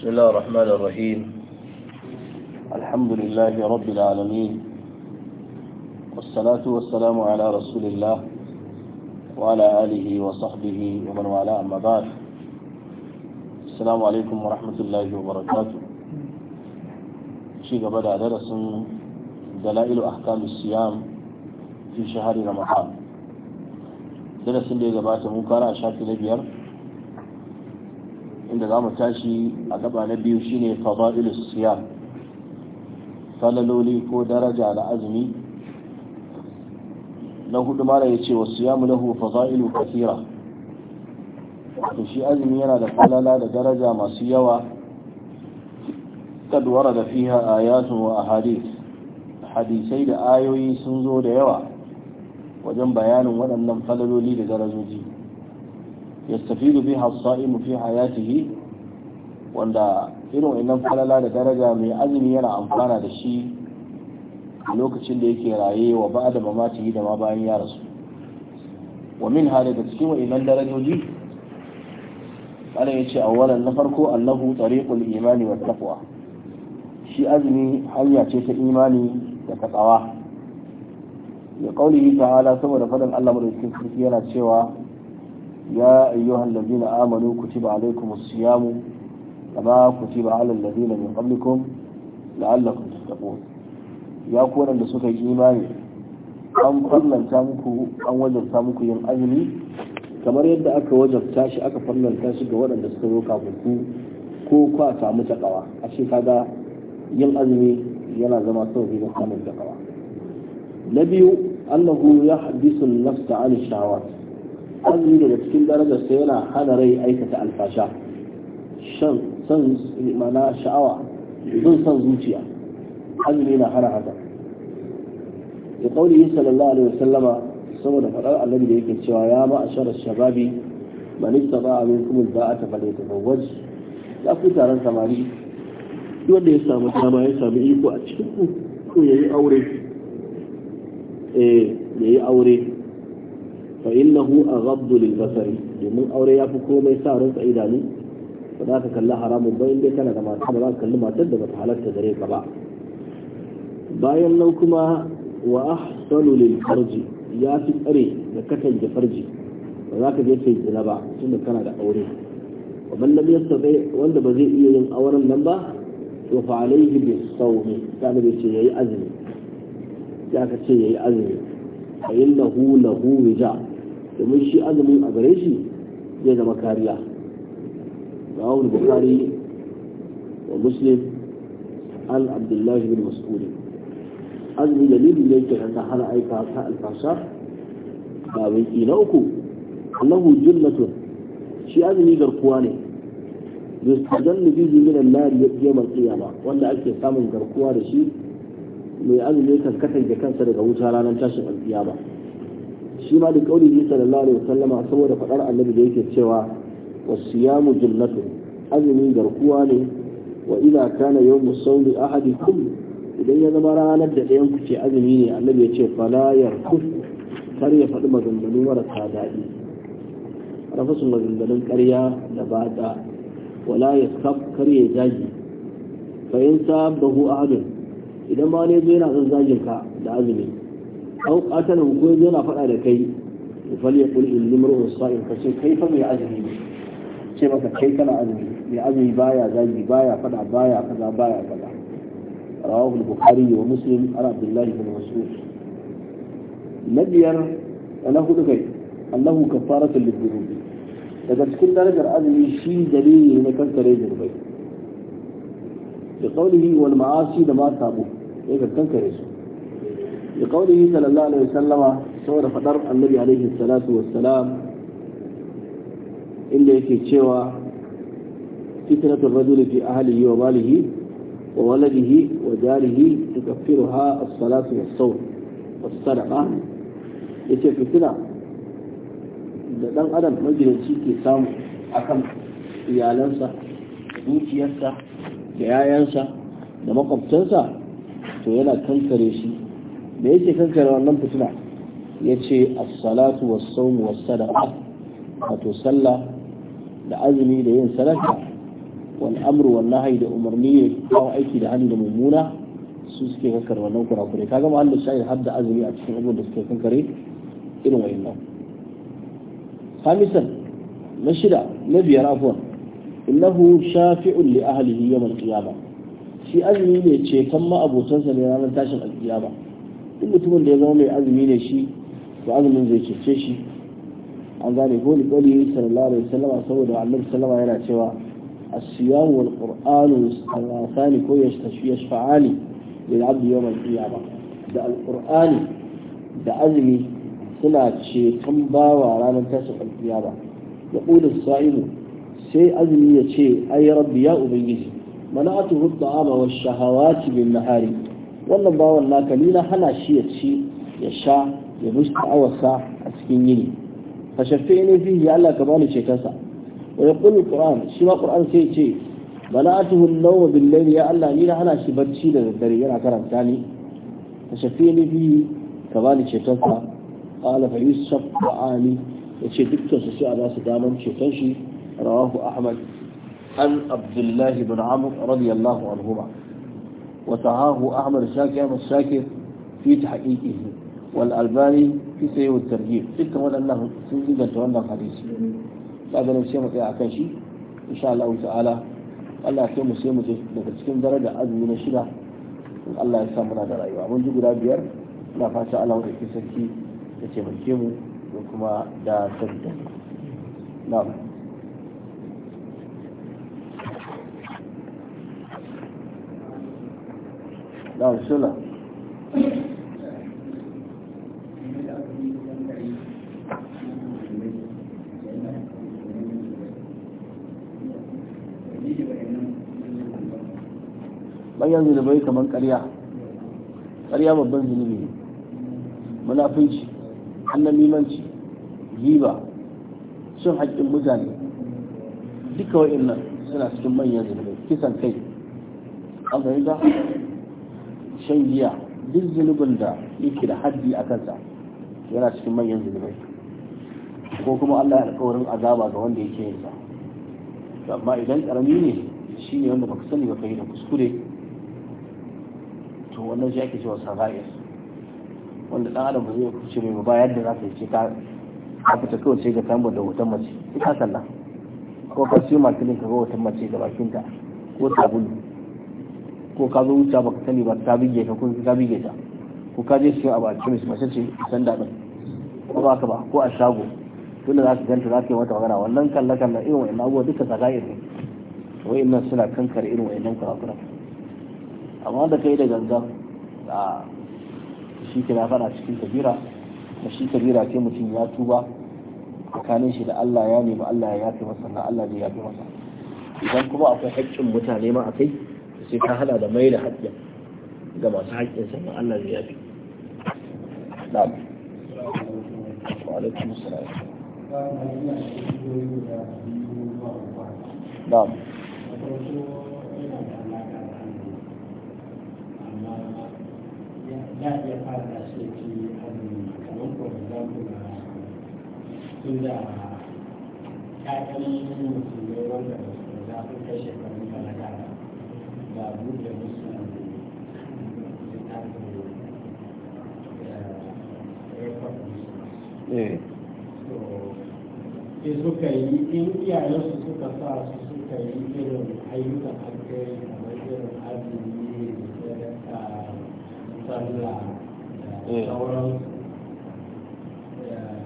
بسم الله الرحمن الرحيم الحمد لله رب العالمين والصلاة والسلام على رسول الله وعلى آله وصحبه ومن والاه أما بعد السلام عليكم ورحمة الله وبركاته شيء بدأ درس دلائل أحكام الصيام في شهر رمضان درس اللي قبعته مكان شاكي لبيار inda za mu tashi a gaba na biyu shine fada'ilus Siya, falaloli ko daraja na azumi na hudu mara ya ce wasu yamu lahu fada'ilu kasira to shi azumi yana da falala da daraja masu yawa kadwara da fiha ayatu wa ahadith hadisai da ayoyi sun zo da yawa wajen bayanin waɗannan falaloli da darajoji yastafidu biha as-sa'imu fi hayatihi wanda irin wannan falala da daraja mai azumi yana amfana da shi lokacin da yake raye wa ba da mamaci da ma bayan ya rasu wa min hada da cikin wa'innan darajoji ana yace awwalan na farko annahu tariqul imani wa taqwa shi azumi hanya ce ta imani da taqwa ya qaulihi ta'ala saboda fadan Allah madaukakin sarki yana cewa يا أيها الذين آمنوا كتب عليكم الصيام كما كتب على الذين من قبلكم لعلكم تتقون يا كون da suka yi imani an farlanta muku an wajabta muku yin azumi kamar yadda aka wajabta shi aka farlanta shi ga waɗanda suka zo kafin ku ko kwa samu takawa a ce yin azumi yana zama sauki na samun takawa na biyu annahu ya hadisu nafsa an shawar azumi daga cikin darajar sai yana hana rai aikata alfasha shan san mana sha'awa zan san zuciya azumi na hana haka da kauli sallallahu alaihi wasallama saboda faɗar annabi da yake cewa ya ma asharar shababi a tafa da ita falyatazawwaj ya fi taron samari duk wanda ya samu dama ya samu iko a cikin ku ko aure eh, aure fa innahu aghaddu lil basari domin aure yafi komai sa rantsa idanu ba za ka kalli haramun ba inda kana da mata ba za ka kalli matar da bata halarta gare ka ba bayan nan kuma wa ahsanu lil farji ya fi tsare da da farji ba za ka je kai zina ba tunda kana da aure wa man lam yastati wanda ba zai iya yin auren nan ba to fa alayhi bis sawmi kana bai ce yayi azumi ya ka ce yayi azumi fa innahu lahu wija domin shi azumin a gare shi zai zama kariya wani bukhari wa muslim an abdullahi bin mas'ud azumin dalilin da yake da hana aika ta alfasha ba bai ki na uku annahu junnatun shi azumin garkuwa ne yustajannu bihi min an-nar yawm al-qiyamah wanda ake samun garkuwa da shi mai azumi kan kasance kansa daga wuta ranar tashin al shi ma da kauli sallallahu alaihi wasallama saboda faɗar annabi da yake cewa wasiyamu jannatu azumi garkuwa ne wa idza kana yawmu sawmi ahadikum idan ya zama ranar da ɗayan ku ce azumi ne annabi ya ce fala yarku kar ya faɗi maganganu marasa daɗi rafa su maganganun ƙarya da bada wala yaskaf kar ya zagi fa in sabahu ahadun idan ma ne zai na zan zagin ka da azumi au qatala ko yana faɗa da kai fal yaqul inni mar'un sa'im fa sai kai fa mai azumi ce maka kai kana azumi mai azumi baya zagi baya faɗa baya kaza baya kaza rawahu al-bukhari wa muslim an abdullah ibn mas'ud nabiyar ana hudu kai annahu kafaratun lidhunubi daga cikin darajar azumi shi dalili na kankare zurbai da qawlihi da ma sai ka kankare su bi qawlihi sallallahu alaihi wasallama saboda fadar annabi alaihi salatu wassalam inda yake cewa fitnatul rajuli fi ahlihi wa malihi wa waladihi wa jarihi tukaffiruha as-salatu was-sawm yace fitina da dan adam magidanci ke samu akan iyalansa dukiyarsa da yayansa da makwabtansa to yana kankare shi da yake kankare wannan fitina ya ce assalatu wassaumu wassadaqa wato sallah da azumi da yin sadaka wani amru wal nahyi da umarni ne kawo aiki da hannu da mummuna su suke kankare wannan kurakurai kaga ma Allah shahid har da azumi a cikin abubuwan da suke kankare irin wayannan khamisan na shida na biyar afwan innahu shafi'un li ahlihi yawm al-qiyamah shi azumi ne ceton ma'abotansa ne ranar tashin al-qiyamah duk mutumin da ya zama mai azumi ne shi to azumin zai cece shi an gane ko da kwali sallallahu alaihi wasallama saboda annabi sallama yana cewa as-siyam wal qur'anu salasani ko yashfa'ani lil abdi yawm al-qiyamah da al-qur'ani da azumi suna ceton bawa ranar tashin ba. ya ƙudu sa'imu sai azumi ya ce ai rabbi ya ubangiji mana'atu hudda ama wa shahawati bin nahari wannan bawan naka ni hana shi ya ci ya sha ya bi sha'awarsa a cikin yini fa shafi ne fi ya Allah ka bani cetonsa wa ya kullu qur'an shi ma qur'an sai ya ce bala'atuhu nawm bil-layl ya Allah ni na hana shi barci da daddare yana karanta ni fa shafi ne fi ka bani cetonsa qala fa yusuf qur'ani yace dukkan su sai a su daman ceton shi rawahu ahmad an abdullahi bin amr radiyallahu anhuma وصحاه أحمد الشاكر أحمد الشاكر في تحقيقه والألباني في سيو الترجيح تلك هو أنه سنجد تولى حديث هذا لو sai mu عكاشي إن شاء الله تعالى Allah ya mu sai mu je daga cikin daraja azumi na shida in Allah ya sa muna da rayuwa mun ji guda biyar ina fata Allah ya sarki ya taimake mu kuma da na shila bayan zunubai kamar karya karya babban zunubi ne munafinci hannun limanci riba cin haƙƙin mutane duka wa'in nan suna cikin manyan zunubai kisan kai an fahimta shan giya duk zunubin da yake da haddi a kansa yana cikin manyan zunubai ko kuma Allah ya alƙawarin azaba ga wanda yake yin sa amma idan karami ne shi ne wanda baka sani ba kai da kuskure to wannan shi ake cewa sarayis wanda dan adam ba zai kuce mai ba yadda za ka yi ce ka ka fita kawai sai ga tambar da hoton mace ita ka ko ka siyo makilin ka ga hoton mace ga bakinta ko sabulu ko ka zo wuta baka sani ba ka bige ka ko ka bige ta ko ka je shi a bakin su mace ce san da ko ba ka ba ko a shago tun da za ka ganta za ka yi mata magana wannan kalla kalla irin wa'annan abubuwa duka yi ne wa'annan suna kankare irin wa'annan kurakuran amma da kai da gangan a shi kira fara cikin kabira da shi kabira ke mutum ya tuba tsakanin shi da Allah ya nemi Allah ya yafe masa na Allah zai yafe masa idan kuma akwai haƙƙin mutane ma akai sai ka hada da mai da haƙƙin ga masu haƙƙin sannan Allah zai yafi na'am wa alaikum salam na'am ya iya fara da shi kamar ko da tun da 'ya'yan mutum ne wanda da zafin kai shekarun balaga Eh. sai suka yi in iyayensu suka sa su suka yi irin ayyukan alkhairi kamar irin azumi da sallah da eh. sauran eh,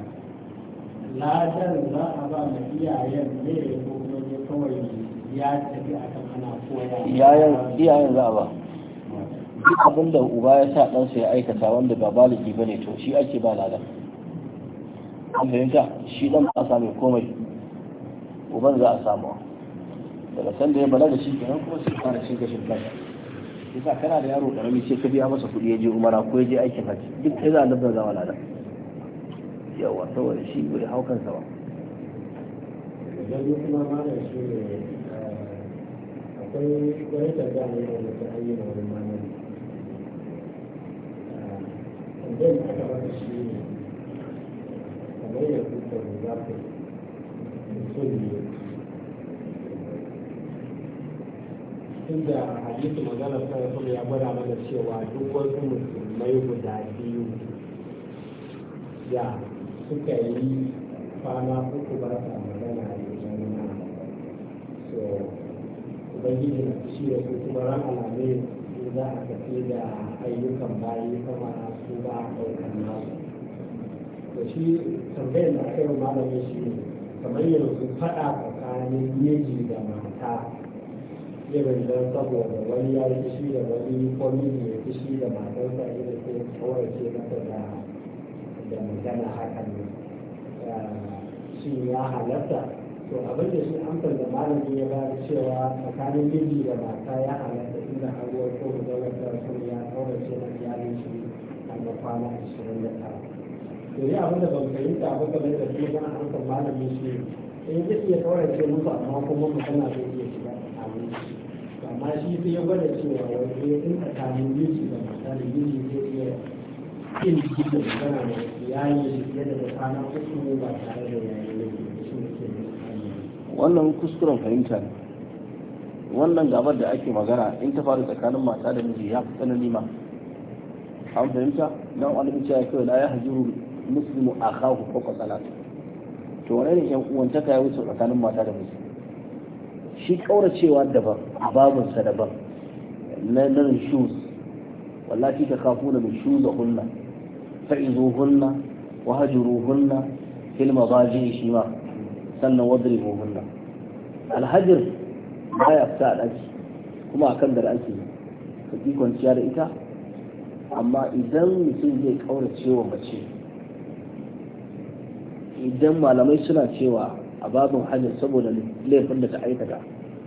ladan za a ba na iyayen ne ko kuma kawai ya tafi a kan yayan iyayen za ba duk abin da uba ya sa ɗansa ya aikata wanda ba baligi ba ne to shi ake ba lada an fahimta shi ɗan ba a komai uban za a samu daga da ya bala da shi kenan kuma sai fara cin gashin shi sa kana da yaro karami sai ka biya masa kuɗi ya je umara ko ya je aikin hajji duk kai za a labda zama lada yawa saboda shi bai hau kansa ba akwai wani tambaya ne da ta ayyana wani malami ah, tambayar da aka mata shi ne kamar da kuka za ku mutum tunda hadisi magana sarrafa ya gwada mana cewa duk wasu musulmai guda biyu ya suka yi kwana uku ba sa magana a yi yanzu so ubangiji na fushi da su kuma ranar alamin za a tafi da ayyukan bayi kama su ba a ɗaukar nasu da shi tambayar da aka yi malamin shi kamar yanzu faɗa tsakanin miji da mata irin don saboda wani ya yi fushi da wani komi miji ya fushi da matarsa irin sai kawarce masa da da magana hakan ne eh, shi ya halatta to abin da shi amsar da ne ya bada cewa tsakanin miji da mata ya halatta inda haruwar ko da zauratar sun ya ce na iyalin shi a ga kwana ashirin da tara to yi abin da ban fahimta ta da bai da shi na amsar shi in eh, zai iya kaurace musu amma kuma tana zai iya shiga tsakanin shi amma shi sai ya gwada cewa wani eh, in tsakanin miji da mata da miji zai iya yin cikin magana da yayi shi fiye da kwana uku ba tare da yayi wannan kuskuren fahimta ne wannan gabar da ake magana in ta faru tsakanin mata da miji ya fi tsanani ma an fahimta nan wani ya kawai la ya hajiru muslimu akahu fawqa salatu to wane ne yan uwantaka ya wuce tsakanin mata da miji shi kauracewa daban babunsa daban na nan shoes wallahi ta kafu da min shoes hunna fa'izuhunna wa hajuruhunna fil mabaji shi ma sannan wadri muhunna alhajir baya fita a ɗaki kuma a kan da ake ka ƙi kwanciya da ita amma idan mutum zai ƙaura cewa mace idan malamai suna cewa a babin hajjar saboda laifin da ta aikata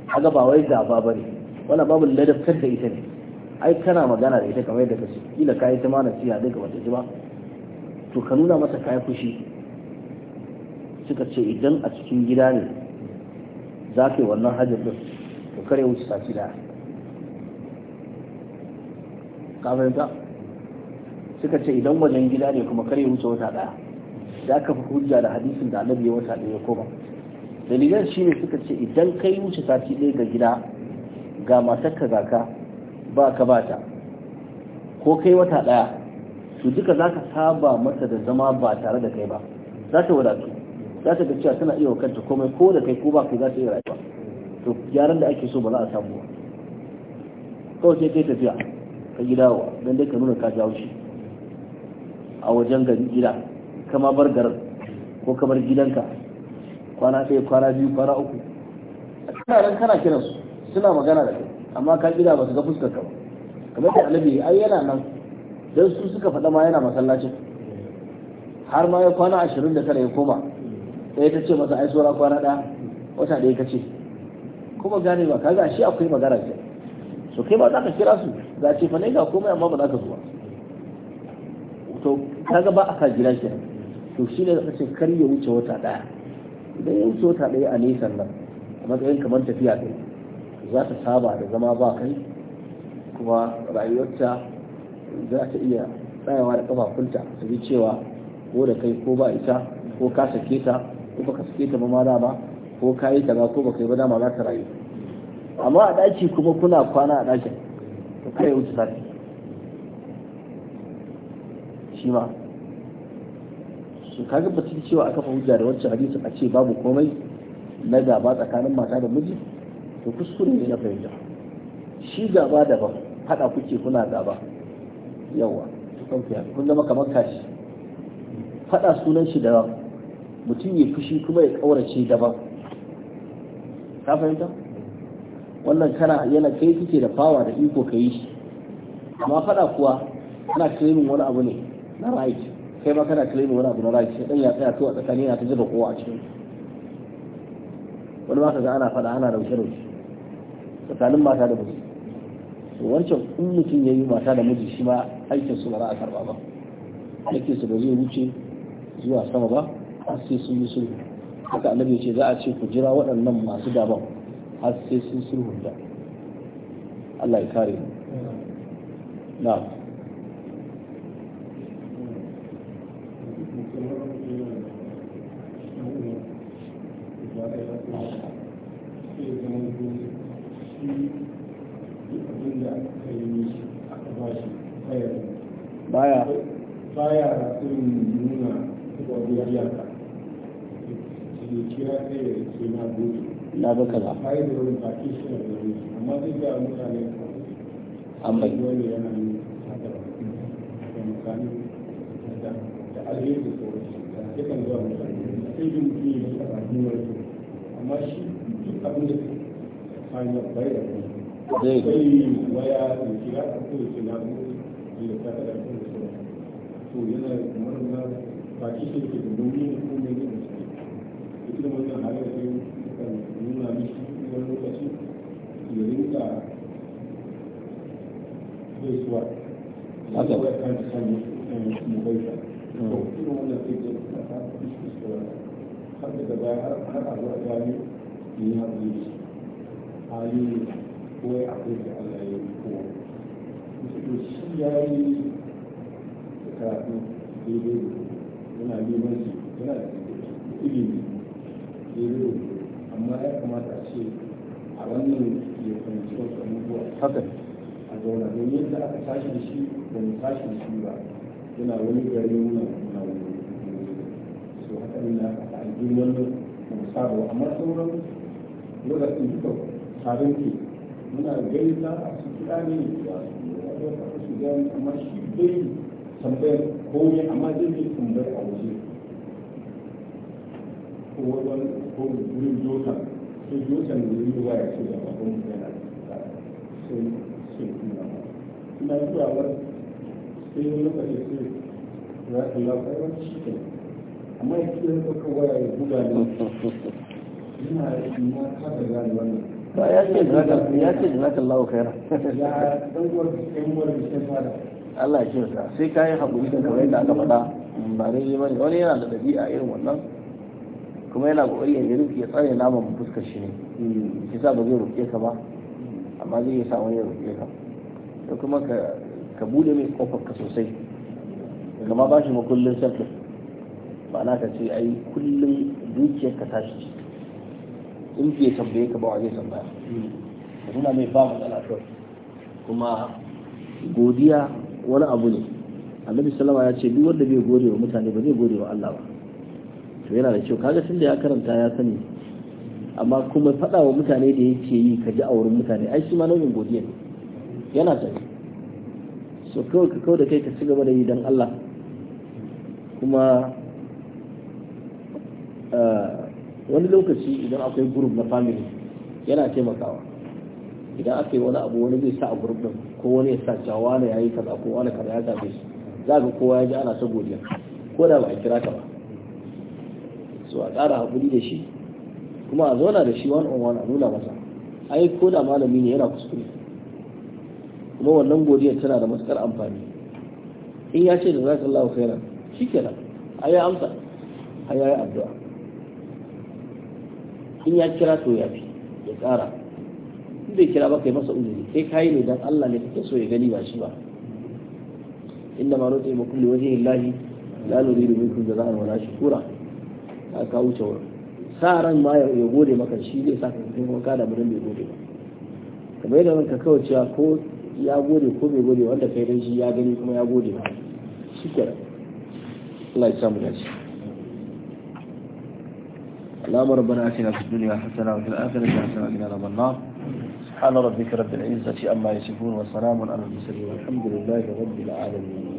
haka ba wai gaba ba ne wani babin ladabtar da ita ne ai kana magana da ita kamar yadda ka ce kila ka yi ta mana siya daga wata jima? ba to ka nuna masa yi fushi suka ce idan a cikin gida ne za ka yi wannan hajjar da su kare wuce sati daya ka fahimta suka ce idan wajen gida ne kuma kare wuce wata daya za ka fi hujja da hadisin da annabi wata daya ya koma dalilan shi ne suka ce idan kai wuce sati ɗaya ga gida ga matarka ga ka ba ka ba ta ko kai wata ɗaya su duka za ka saba mata da zama ba tare da kai ba za ta wadatu za ta ga cewa tana iya wakanta komai ko da kai ko ba kai za ta iya rayuwa to gyaran da ake so ba za a samu ba kawai sai kai tafiya ka gida wa don dai ka nuna ka jawo shi a wajen gari gida kama bar garin ko kamar gidanka kwana sai kwana biyu kwana uku a kana kana kiran su suna magana da kai amma ka gida ba su ga fuskar ka ba kamar da alabi ai yana nan don su suka faɗa ma yana masallacin har ma ya kwana ashirin da tara ya koma ɗaya ta ce masa ai sura kwana ɗaya wata ɗaya ka ce kuma gane ba kaga shi akwai magana ce so kai ba za ka kira su ga ce fa ne ga komai amma ba za ka zuwa to kaga ba kan jira kenan to shi ne ka ce kar ya wuce wata ɗaya idan ya wuce wata ɗaya a nisan nan a matsayin kamar tafiya ɗaya za ta saba da zama ba kai kuma rayuwarta za ta iya tsayawa da kafafunta ta ji cewa ko da kai ko ba ita ko ka sake ta kuma baka suke ta ba ma dama ko ka yi kaza ko baka yi ba dama za ta rayu amma a ɗaki kuma kuna kwana a ɗakin to kai wuce sati shi ma su kaga ba cewa aka fa hujja da wancan hadisin a ce babu komai na gaba tsakanin mata da miji to kuskure ne na fahimta shi gaba daban hada kuke kuna gaba yawa kun zama kamar kashi faɗa sunan shi daban mutum ya fushi kuma ya ƙaurace daban ka fahimta wannan kana yana kai kike da fawa da iko ka yi shi amma faɗa kuwa kana claiming wani abu ne na right kai ma kana claiming wani abu na right sai dan ya tsaya to a tsakani yana ta jiba kowa a cikin wani ma kaga ana faɗa ana rauke rauke tsakanin mata da miji to wancan in mutum ya yi mata da miji shi ma aikin su ba za a karba ba aikin su ba zai wuce zuwa sama ba har sai sun yi sulhu haka annabi ce za a ce ku jira waɗannan masu daban har sai sun sulhu da Allah ya kare mu na'am baya baya nuna iyaka na ga kaza an amma shi duk abin da bai da waya da kira a kowace na da ta da to yana kamar na baki shi ke da ne ne da wannan kan nuna mishi wani lokaci ya rinka san mu bai ta to da ta har da har a zuwa gani ne ya zai shi da Allah ya yi kowa to shi ya yi karatu daidai yana yana da ilimi rediyo amma ya kamata a ce a wannan ya fahimci wasu abubuwa haka a zauna domin da aka tashi da shi da mu tashi da shi ba yana wani gari muna na wani so haka ne a aljihun wannan mu saba amma sauran lokacin duka tarin ke muna gaisa a su kira ne da su ya su amma shi bai tambayar komai amma zai bai tambayar a waje wajen ko wurin josan sai josan da yi ruwa ya ce da ba kuma yana da sai sai kuma ba zuwa wani sai wani lokaci sai za ka lafa yawan shi amma ya ce ya ɗauka waya ya buga ne ina ina kada gane wannan ba ya ce ya ce jinaka lawo khaira ya dan uwar dan uwar shi fara Allah ya ce sai kai hakuri da kamar yadda aka faɗa ba dai bane wani yana da dabi'a irin wannan kuma yana kokari ya rufe ya tsare naman fuskar shi ne shi sa ba zai rufe ka ba amma zai sa wani ya rufe ka da kuma ka bude mai kofar ka sosai ma ba shi makullin sarki ba na ka ce ai kullum dukiyar ka tashi in bai tambaye ka ba wa zai tambaya ka nuna mai ba matsala kawai kuma godiya wani abu ne annabi sallama ya ce duk wanda bai gode wa mutane ba zai gode wa Allah ba to yana da kyau kaga tunda ya karanta ya sani amma kuma faɗa wa mutane da yake yi ka ji a wurin mutane ai shi ma nau'in godiya ne yana da so kawai ka kawai da kai ka ci gaba da yi don Allah kuma eh, wani lokaci idan akwai gurub na family yana taimakawa idan aka yi wani abu wani zai sa a gurub din ko wani ya sa cewa wani ya yi kaza ko wani kaza ya zabe shi za ga kowa ya ji ana ta godiya ko da ba a kira ka ba so a ƙara haƙuri da shi kuma a zauna da shi one on one a nuna masa ai ko da malami ne yana kuskure kuma wannan godiyar tana da matuƙar amfani in ya ce da za ka lawa khairan shi kenan ai ya amsa ai ya yi addu'a in ya kira to ya fi ya ƙara in bai kira ba kai masa uzuri kai kayi ne dan Allah ne kake so ya gani ba shi ba inna ma nuti mu kulli wajhi llahi la nuridu minkum jaza'an wala shukura a kawo cewar sa ran ma ya gode maka shi zai sa ka kuma kada da mutum bai gode ba kamar yadda ranka kawo cewa ko ya gode ko bai gode wanda kai dan shi ya gani kuma ya gode ba shi kira Allah ya samu dace اللهم ربنا اتنا في الدنيا حسنه وفي الاخره حسنه وقنا عذاب النار سبحان ربك رب العزه عما يصفون وسلام على المرسلين والحمد لله رب العالمين